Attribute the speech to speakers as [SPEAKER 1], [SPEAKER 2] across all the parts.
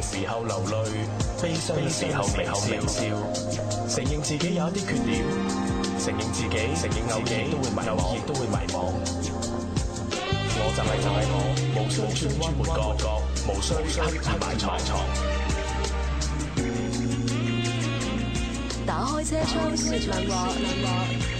[SPEAKER 1] 時候流淚，悲傷的時候微笑，承認自己有一啲缺點，承認自己承認自己都會迷惘，亦都會迷惘。我就係就係我，無需轉彎抹角，無需刻意埋埋藏。打開車窗説亮話。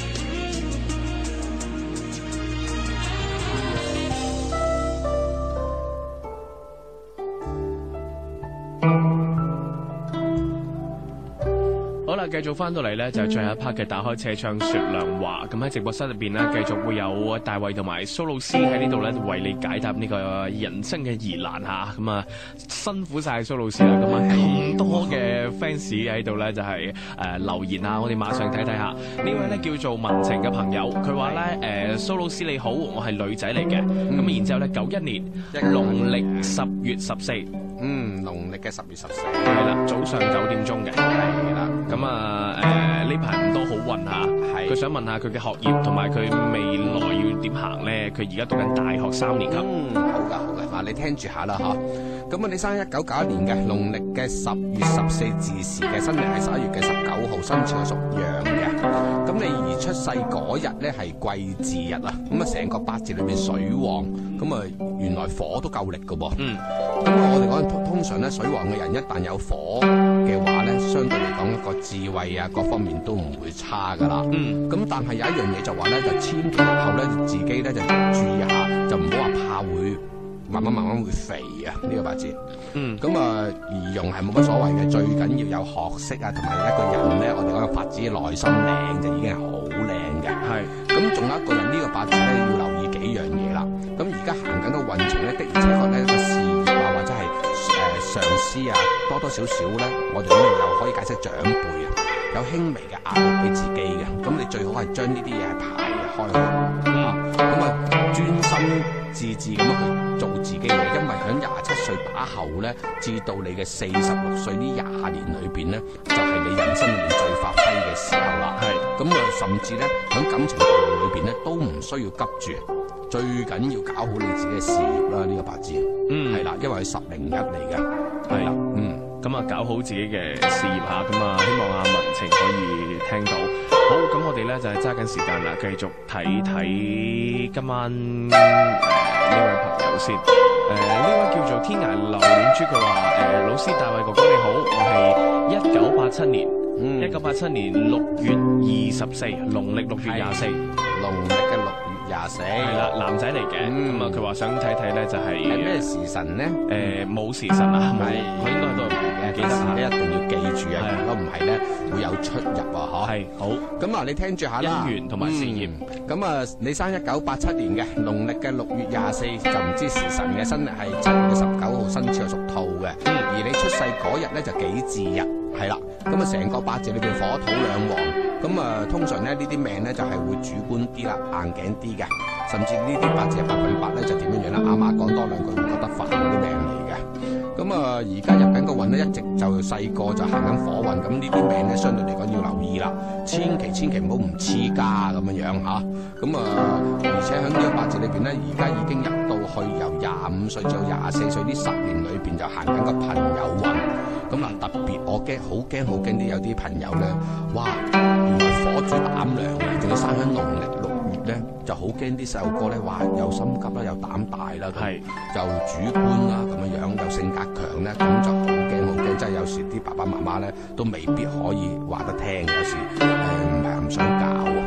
[SPEAKER 1] 繼續翻到嚟咧，就係最後一 part 嘅打開車窗說亮話。咁喺直播室入邊咧，繼續會有大衛同埋蘇老師喺呢度咧，為你解答呢個人生嘅疑難吓。咁啊，啊，辛苦晒蘇老師啦。咁啊，咁多嘅 fans 喺度咧，就係、是、誒、呃、留言啊。我哋馬上睇睇下，呢位咧叫做文晴嘅朋友，佢話咧誒，蘇老師你好，我係女仔嚟嘅。咁、嗯、然之後咧，九一年農曆十月十四。嗯，農曆嘅十月十四，係啦，早上九點鐘嘅，係啦的。咁、嗯、啊、誒，呢排唔多好運啊，係的。佢想問下佢嘅學業同埋佢未
[SPEAKER 2] 來要點行咧？佢而家讀緊大學三年級。嗯，好噶，好嘅。你聽住下啦，嗬。咁啊，你生一九九一年嘅，農曆嘅十月十四至時嘅，新曆係十一月嘅十九號，屬生肖屬羊嘅。咁你而出世嗰日咧係季字日啊，咁啊成個八字裏邊水旺，咁啊原來火都夠力噶噃。嗯。咁啊，我哋講通常咧，水旺嘅人一旦有火嘅話咧，相對嚟講一個智慧啊，各方面都唔會差噶啦。嗯。咁但係有一樣嘢就話咧，就千祈日後咧，自己咧就注意下，就唔好話怕會。慢慢慢慢會肥啊！呢個八字，嗯，咁啊，儀容係冇乜所謂嘅，最緊要有學識啊，同埋一個人咧，我哋講嘅八字內心靚就已經係好靚嘅。係，咁仲有一個人呢個八字咧，要留意幾樣嘢啦。咁而家行緊個運程咧，的而且確咧，個事業啊，或者係誒上司啊，多多少少咧，我哋咁又可以解釋長輩啊，有輕微嘅壓力俾自己嘅，咁你最好係將呢啲嘢排開，開、嗯、啊，咁啊專心。自治，咁去做自己嘅，因為喺廿七歲打後咧，至到你嘅四十六歲呢廿年裏邊咧，就係、是、你人生裏面最發揮嘅時候啦。係咁啊，甚至咧喺感情道路裏邊咧，都唔需要急住，最緊要搞好你自己嘅事業啦。呢、這個八字嗯係啦，因為係十零一嚟嘅係啦。的咁啊、嗯，搞好自己嘅事業吓咁啊，希望
[SPEAKER 1] 阿文晴可以聽到。好，咁我哋咧就係揸緊時間啦，繼續睇睇今晚誒呢、呃、位朋友先。誒、呃、呢位叫做天涯留戀珠佢話誒老師大衛哥哥，哥你好，我係一九八七年，嗯，一九八七年六月二十四，農曆六月廿四，農曆嘅。廿四係啦，男仔嚟嘅，咁啊佢話想睇睇咧就係係咩時辰咧？
[SPEAKER 2] 誒、呃，冇時辰啊，係佢是應該喺度記時辰，一定要記住啊，的如果唔係咧會有出入啊，嗬。係好，咁啊你聽住下姻緣同埋事業。咁啊、嗯、你生一九八七年嘅農曆嘅六月廿四，就唔知時辰嘅生日係七月十九號，生肖屬兔嘅，嗯、而你出世嗰日咧就幾字日。係啦，咁啊成個八字裏邊火土兩旺，咁啊、呃、通常咧呢啲命咧就係、是、會主觀啲啦，硬頸啲嘅，甚至呢啲八字百分百咧就點、是、樣樣啦，阿媽講多兩句會覺得煩嗰啲命嚟嘅。咁啊而家入緊個運咧一直就細個就行緊火運，咁呢啲命咧相對嚟講要留意啦，千祈千祈唔好唔黐家咁樣樣吓，咁啊、呃、而且喺呢個八字裏邊咧，而家已經入。去由廿五歲至到廿四歲呢十年裏邊就行緊個朋友運，咁、嗯、啊特別我驚好驚好驚啲有啲朋友咧，哇原來火煮膽量，仲要生喺農曆六月咧，就好驚啲細路哥咧話又心急啦，又膽大啦，係、嗯、是又主觀啦咁樣樣，又性格強咧，咁、嗯、就好驚好驚，真係有時啲爸爸媽媽咧都未必可以話得聽，有時誒唔係咁想搞。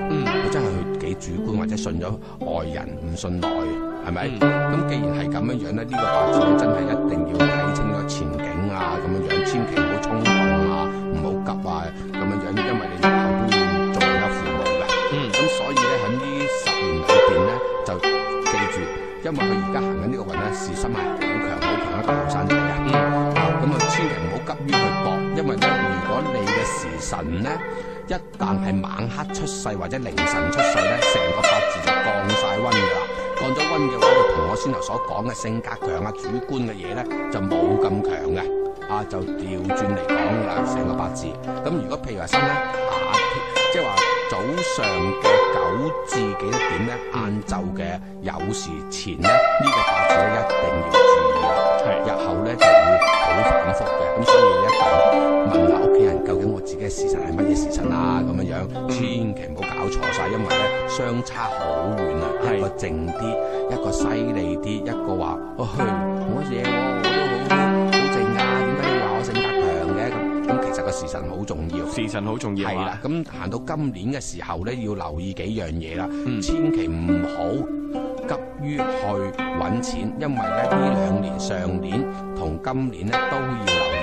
[SPEAKER 2] 主觀或者信咗外人唔信內，係咪？咁、mm hmm. 既然係咁樣樣咧，呢、這個八字咧真係一定要睇清個前景啊！咁樣樣，千祈唔好衝動啊，唔好急啊！咁樣樣，因為你日後都要做人家父母嘅。嗯、mm，咁、hmm. 所以咧喺呢十年裏邊咧，就記住，因為佢而家行緊呢個運咧，事實係好強好強一個後生仔啊！咁啊、mm，hmm. 千祈唔好急於去搏，因為咧，如果你嘅時辰咧。Mm hmm. 一旦係晚黑出世或者凌晨出世咧，成個八字就降晒溫噶啦，降咗溫嘅話就同我先頭所講嘅性格強啊、主觀嘅嘢咧就冇咁強嘅，啊就調轉嚟講噶啦，成個八字。咁如果譬如話生咧，下、啊、即係話早上嘅九至幾點咧，晏晝嘅有時前咧，呢、呢個八字咧一定要注意啊，係是日後咧就會好反復嘅，咁所以。嘅時辰係乜嘢時辰啊？咁樣樣，千祈唔好搞錯晒，因為咧相差好遠啊！是一個靜啲，一個犀利啲，一個話、哎，我去冇乜嘢喎，我都好好靜啊！點解你話我性格強嘅咁？咁其實個時辰好重要，時辰好重要啊！咁行到今年嘅時候咧，要留意幾樣嘢啦，嗯、千祈唔好急於去揾錢，因為咧呢兩年、上年同今年咧都要留。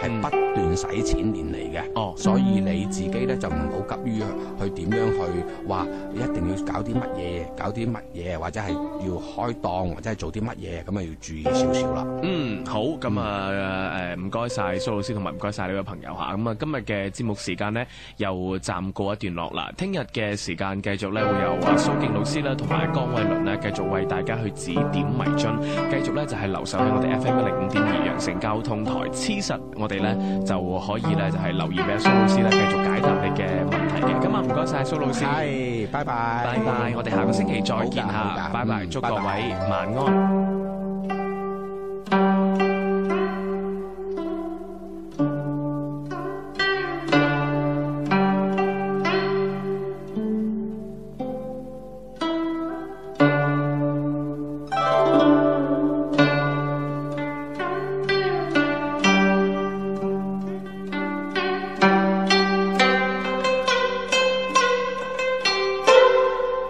[SPEAKER 2] 係不斷使錢嚟嘅，哦、所以你自己咧就唔好急於去點樣去話一定要搞啲乜嘢，搞啲乜嘢，或者係要開檔或者係做啲乜嘢，咁啊要注意少少啦。嗯，
[SPEAKER 1] 好，咁啊誒，唔該晒蘇老師同埋唔該晒你嘅朋友嚇，咁啊，啊今日嘅節目時間呢又暫告一段落啦。聽日嘅時間繼續咧會有蘇敬老師啦，同埋江偉倫呢，繼續為大家去指點迷津，繼續咧就係、是、留守喺我哋 F M 一零五點二羊城交通台。黐實我。我咧 就可以咧就係、是、留意俾阿蘇老師咧繼續解答你嘅問題嘅。咁啊唔該晒蘇老師，係，拜拜，拜拜，我哋下個星期再見嚇，緊拜拜，祝各位晚安。拜拜。